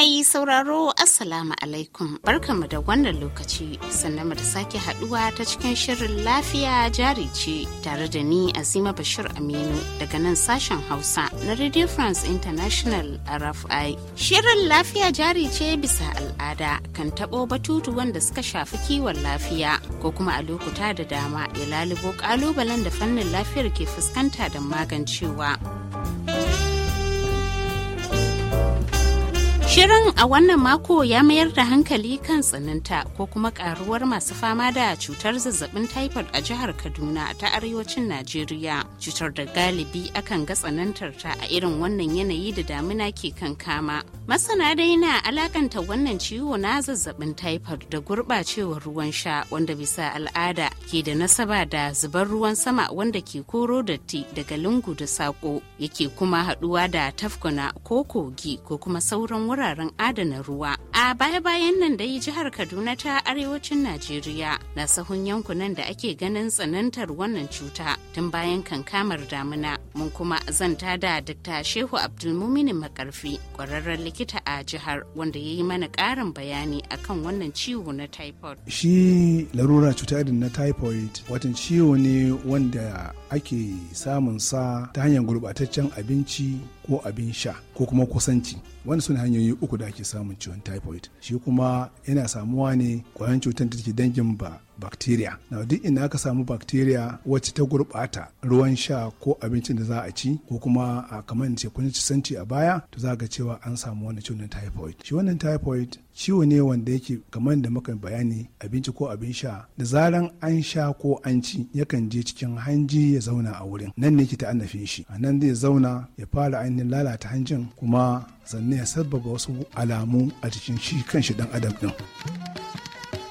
Mai sauraro Assalamu alaikum barkanmu da wannan lokaci sannan mu da sake haduwa ta cikin shirin lafiya jari ce tare da ni Azima Bashir Aminu daga nan sashen Hausa na Radio France International RFI. Shirin lafiya jari ce bisa al'ada kan tabo batutu wanda suka shafi kiwon lafiya ko kuma a lokuta da dama ya lalubo kalubalen da fannin lafiyar ke fuskanta da magancewa. Shirin a wannan mako ya mayar da hankali kan tsananta ko kuma karuwar masu fama da cutar zazzabin taifot a jihar Kaduna ta arewacin Najeriya. Cutar da galibi akan ga tsanantar ta a irin wannan yanayi da damina ke kan kama. Masana dai na alakanta wannan ciwo na zazzabin taifot da gurbacewar ruwan sha wanda bisa al'ada ke da nasaba da zubar ruwan sama wanda ke koro datti daga lungu da sako yake kuma haɗuwa da tafkuna ko kogi ko kuma sauran wurin wuraren adana ruwa. A baya-bayan nan da yi jihar Kaduna ta arewacin Najeriya na sahun yankunan da ake ganin tsanantar wannan cuta tun bayan kankamar damuna. mun kuma zanta da Dr. Shehu Abdulmuminin Makarfi, kwararren likita a jihar wanda ya yi mana ƙarin bayani akan wannan ciwo na typhoid. Shi larura cuta irin na typhoid watan ciwo ne wanda ake samun sa ta hanyar gurbataccen abinci ko abin sha ko kuma kusanci. Wani suna hanyoyi uku da ake samun ciwon typhoid. Shi kuma yana samuwa ne kwayan cutar da take dangin ba bacteria na duk ina ka samu bacteria wacce ta gurɓata ruwan sha ko abincin da za a ci ko kuma a kamar ce kun ci santi a baya to za ga cewa an samu wani cutar typhoid shi wannan typhoid ciwo ne wanda yake kamar da muka bayani abinci ko abin sha da zaran an sha ko an ci yakan je cikin hanji ya zauna a wurin nan ne ke ta'annafin shi a nan zai zauna ya fara ainihin lalata hanjin kuma sannan ya sababa wasu alamu a cikin shi kan shi dan adam din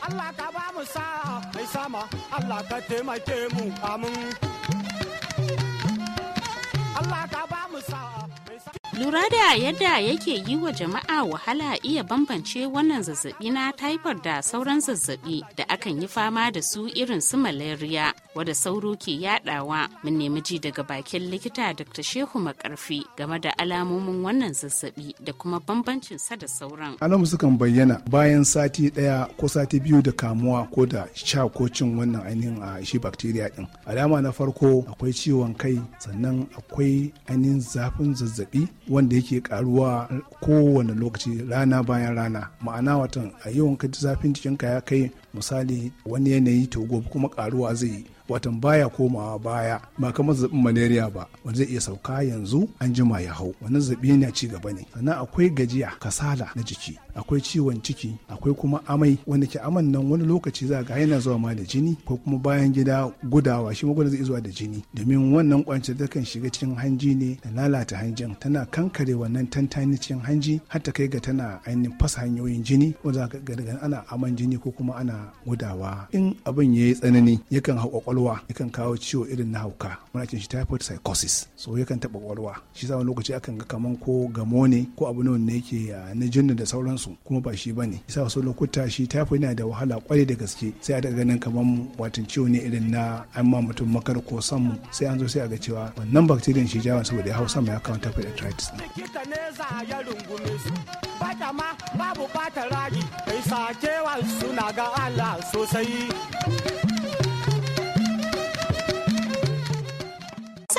Allah mu sa mai sama Allah ka taimake mu amin lura da yadda yake yi wa jama'a wahala iya bambance wannan zazzabi na taifar da sauran zazzabi da akan yi fama da su irin su malaria wadda sauro ke yadawa mun nemi ji daga bakin likita dr shehu makarfi game da alamomin wannan zazzabi da kuma bambancin sa da sauran alamu sukan bayyana bayan sati daya ko sati biyu da kamuwa ko da sha ko cin wannan ainihin a ah, shi bacteria din alama na farko akwai ciwon kai sannan akwai ainihin zafin zazzabi wanda yake karuwa kowane lokaci rana bayan rana ma'ana watan a yawan ka zafin jikinka ya kai misali wani yanayi to gobe kuma karuwa zai yi watan baya komawa baya ba kamar zazzabin malaria ba wanda zai iya sauka yanzu an jima ya hau wannan zaɓi yana ci gaba ne sannan akwai gajiya kasala na jiki akwai ciwon ciki akwai kuma amai wanda ke aman nan wani lokaci za ga yana zuwa ma da jini ko kuma bayan gida gudawa shi magudan zai zuwa da jini domin wannan kwanciyar ta kan shiga cikin hanji ne da lalata hanjin tana kankare wannan tantani cikin hanji har ta kai ga tana ainihin fasa hanyoyin jini ko za ga daga ana aman jini ko kuma ana gudawa in abin ya yi tsanani yakan hau kwakwalwa yakan kawo ciwo irin na hauka muna cin shi typhoid psychosis so yakan taɓa kwakwalwa shi sa wani lokaci akan ga kaman ko gamo ne ko abu ne wanda yake ah, na jinnu da sauransu su kuma ba shi bane sai wasu lokuta shi typhoid yana da wahala kwarai da gaske sai a daga ganin kamar watan ciwo ne irin na an ma mutum makar ko mu. sai an zo sai a ga cewa wannan bacterium shi jawon saboda ya hau sama ya kawo typhoid arthritis ne babu ragi kai sakewa suna ga Allah sosai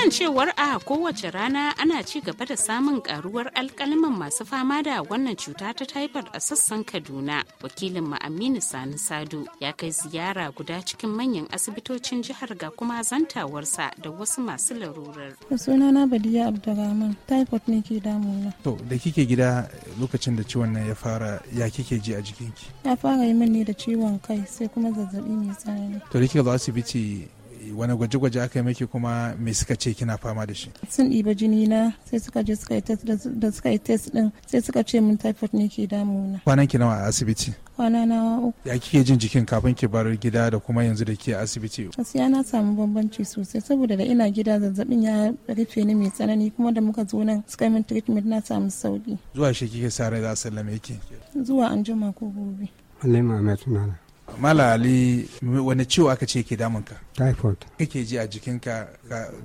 Kasancewar a kowace rana ana ci gaba da samun karuwar alkaliman masu fama da wannan cuta ta taifar a sassan Kaduna. Wakilin ma'aminu Aminu Sani Sadu ya kai ziyara guda cikin manyan asibitocin jihar ga kuma zantawarsa da wasu masu larurar. Sunana Badiya Abdurrahman, taifot ne ke damuna. To, da kike gida lokacin da ciwon nan ya fara ya kike ji a jikinki? Ya fara yi min ne da ciwon kai sai kuma zazzabi mai tsanani. To, da kike zo asibiti wani gwaje-gwaje aka yi miki kuma me suka ce kina fama da shi sun ɗiba jini na sai suka je suka yi test da suka yi test din sai suka ce mun typhoid ne ke damuna kwanan ki nawa a asibiti kwana na uku ya kike jin jikin kafin ki bar gida da kuma yanzu da ke asibiti gaskiya na samu bambanci sosai saboda da ina gida zazzabin ya rufe ni mai tsanani kuma da muka zo nan suka min treatment na samu sauki zuwa shi kike sa rai za a sallame ki zuwa anjima ko gobe wallahi mama tunana malali wani ciwo aka ce ke ka. typhoid kake ji a jikin ka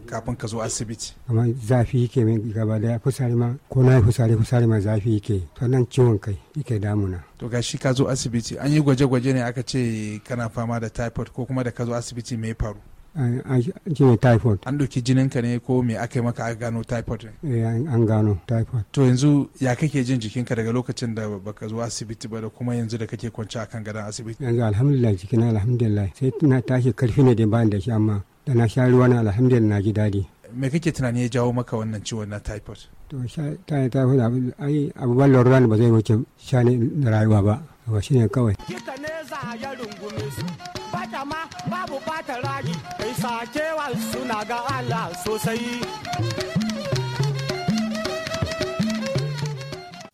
kafin ka zo asibiti amma zafi yake min gaba daya fusari ma ko na fusari fusari ma zafi yake sannan ciwon kai yake damuna to gashi ka zo asibiti an yi gwaje-gwaje ne aka ce kana fama da typhoid ko kuma da ka zo asibiti me faru shine typhoid an ɗauki ka ne ko me aka yi maka aka gano typhoid ne eh, an gano typhoid to yanzu ya kake jin jikinka daga lokacin da baka zo asibiti ba da kuma yanzu da kake kwance akan gadon asibiti yanzu alhamdulillah na alhamdulillah sai na tashi karfi ne da bayan da shi amma da na sha ruwa na alhamdulillah na ji daɗi me kake tunani ya jawo maka wannan ciwon na typhoid to ta typhoid ai abubuwan lorura ne ba zai wuce sha da rayuwa ba ba shine kawai kika ne za ya rungume su bata ma babu fata ragi kai sakewa suna ga Allah sosai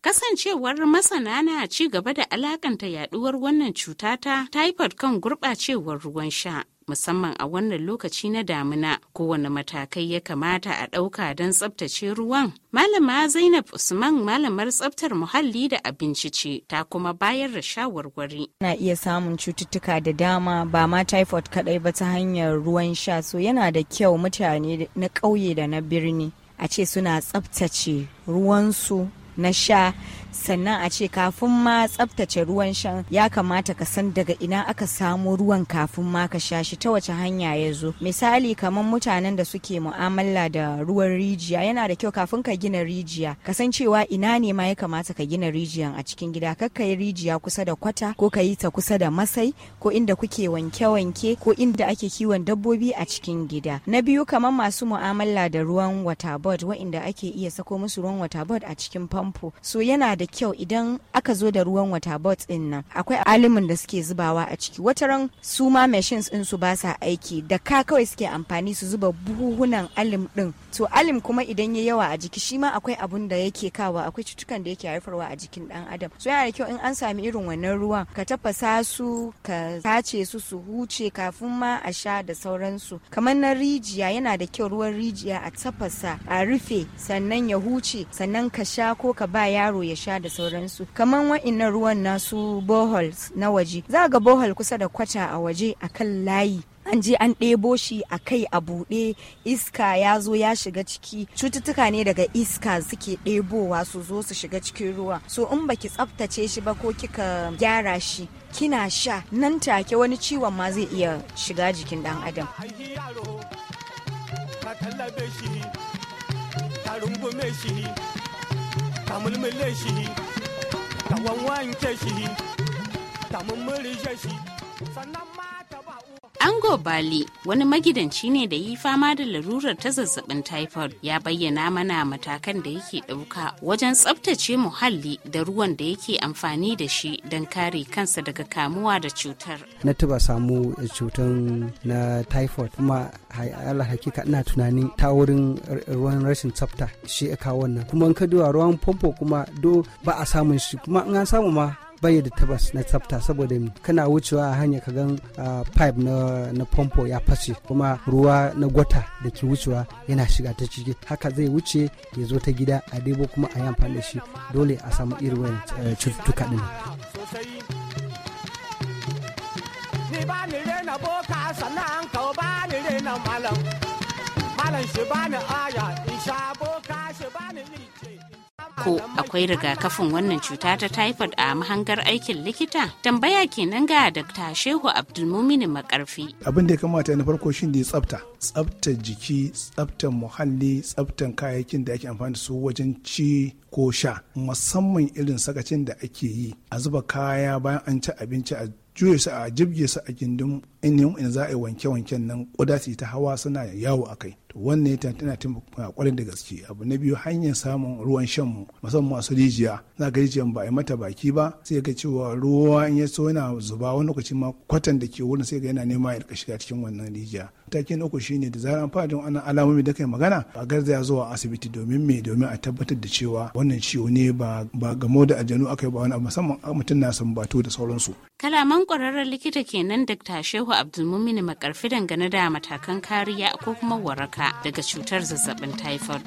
kasancewar masana na ci gaba da alakanta yaduwar wannan cuta ta typhoid kan gurɓacewar ruwan sha musamman a wannan lokaci na damuna kowane matakai ya kamata a ɗauka don tsabtace ruwan. Malama Zainab Usman malamar tsabtar muhalli da abinci ce ta kuma bayar da shawarwari. Ana iya samun cututtuka da dama ba ma typhoid kadai ba ta hanyar ruwan sha so yana da kyau mutane na ƙauye da na birni a ce suna tsabtace ruwansu na sha sannan a ce kafin ma tsabtace ruwan shan ya kamata ka san daga ina aka samu ruwan kafin ma ka sha shi ta wace hanya ya zo misali kamar mutanen da suke mu'amala da ruwan rijiya yana da kyau kafin ka gina rijiya ka san cewa ina ne ma ya kamata ka gina rijiyan a cikin gida kar ka yi rijiya kusa da kwata ko ka yi ta kusa da masai ko inda kuke wanke-wanke ko inda ake kiwon dabbobi a cikin gida na biyu kamar masu mu'amala da ruwan waterboard wa'inda ake iya sako musu ruwan waterboard a cikin famfo so yana da da kyau idan aka zo da ruwan wata bot din nan akwai alimin da suke zubawa a ciki wataran su ma machines din su ba sa aiki da ka kawai suke amfani su zuba buhuhunan alim din to alim kuma idan ya yawa a jiki shi ma akwai abun da yake kawa akwai cutukan da yake haifarwa a jikin dan adam so yana da kyau in an sami irin wannan ruwan ka tafasa su ka tace su su huce kafin ma a sha da sauransu kamar na rijiya yana da kyau ruwan rijiya a tafasa a rufe sannan ya huce sannan ka sha ko ka ba yaro ya sha sha da sauransu kamar wa'innan ruwan nasu boholes na waje za ga bohol kusa da kwata a waje a kan layi an je an ɗebo shi a kai a buɗe iska ya zo ya shiga ciki cututtuka ne daga iska suke ɗebowa su zo su shiga cikin ruwa so in baki tsaftace shi ba ko kika gyara shi kina sha nan take wani ciwon ma zai iya shiga jikin ɗan adam ta mulmule shi ta wanwanke shi ta mummurje shi sannan Ango Bali wani magidanci ne da yi fama da larurar ta zazzabin typhoid ya bayyana mana matakan da yake ɗauka wajen tsabtace muhalli da ruwan da yake amfani da shi don kare kansa daga kamuwa da cutar. Na tuba samu cutar na typhoid kuma Allah hakika ina tunanin ta wurin ruwan rashin tsafta shi ya kawo wannan kuma in ka duba ruwan famfo kuma do ba a samun shi kuma in an samu ma bai da tabbas na tsafta saboda kana wucewa a hanyar ka gan pipe na na pompo ya fashe kuma ruwa na gwata da ke wucewa yana shiga ta ciki haka zai wuce ya zo ta gida a debo kuma a yi amfani da shi dole a samu irin eh, cututtuka din malam shi ba aya in sha boka ko akwai rigakafin wannan cuta ta typhoid a mahangar aikin likita tambaya kenan ga dr shehu abdulmumini makarfi abin da ya kamata na farko shi ne tsafta tsaftar jiki tsaftar muhalli tsaftar kayayyakin da ake amfani da su wajen ci ko sha musamman irin sakacin da ake yi a zuba kaya bayan an ci abinci a juye su a jibge su a gindin inin za a yi wanke-wanken nan kuda ta hawa suna yawo a kai wannan wannan tana taimaka kwarin da gaske abu na biyu hanyar samun ruwan shan mu musamman masu rijiya za ka rijiyar ba a yi mata baki ba sai ga cewa ruwa in ya so yana zuba wani lokacin ma kwatan da ke wurin sai ga yana nema ya shiga cikin wannan rijiya matakin uku shine da zaran fadin wannan alamomi da kai magana a garzaya zuwa asibiti domin me domin a tabbatar da cewa wannan ciwo ne ba gamo da aljanu aka yi ba wani musamman mutum na bato da sauransu. Kalaman kwararren likita kenan Dr. Shehu Abdulmumin Makarfi dangane da matakan kariya ko kuma waraka. kanka daga cutar zazzabin typhoid.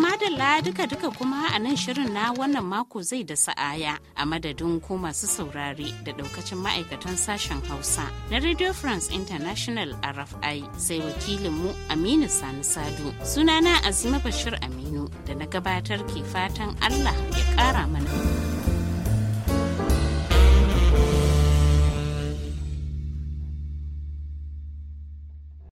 madalla duka-duka kuma a nan shirin na wannan mako zai da sa'aya a madadin ko masu saurare da daukacin ma'aikatan sashen hausa na radio france international rfi sai Wakilin Mu aminu sani sadu sunana azima bashir aminu da na gabatar ke fatan allah ya kara mana.